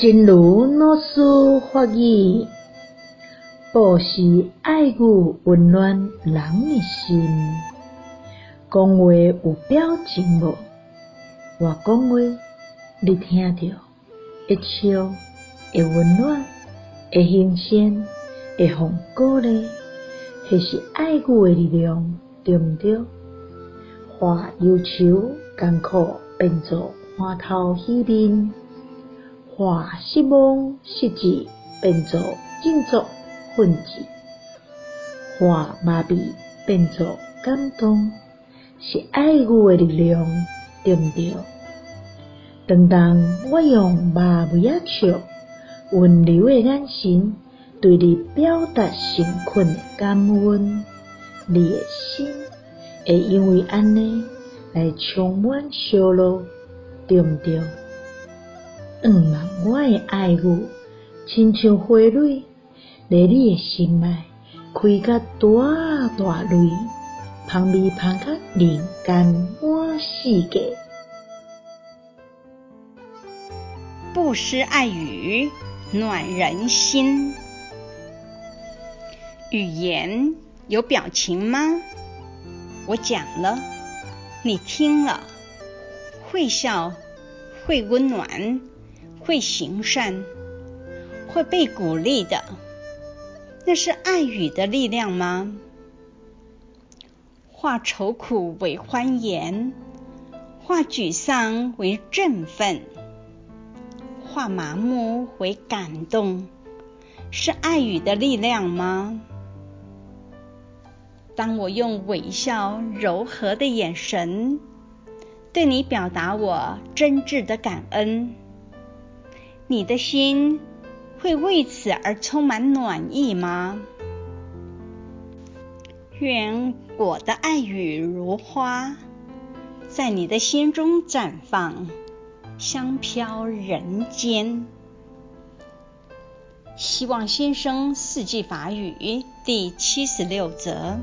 真如老師法語，布施愛語溫暖人的心。講話有表情無？我講話你聽着，會笑，會溫暖，會行善，會互鼓勵，迄是愛語的力量，對毋對？化憂愁、艱苦，變作歡頭喜面。化失望、失志變作振作奮起，化麻痹變作感動，是愛語的力量，對毋對？當當，我用微微仔笑、溫柔的眼神，對你表達誠懇的感恩，你的心會因為按呢來充滿笑容，對毋對？嗯嘛，我的愛語，親像花蕊，在你的心內開甲大大蕊，香飄香飄人間滿世界。布施愛語暖人心，語言有表情嗎？我講了，你聽了，會笑，會溫暖。會行善，會被鼓勵的，那是愛語的力量嗎？化愁苦為歡顏，化沮喪為振奮，化麻木為感動，是愛語的力量嗎？當我用微笑、柔和的眼神，對你表達我真摯的感恩。你的心會為此而充滿暖意嗎？願我的愛語如花，在你的心中綻放，香飄人間。希望新生四季法語第七十六則。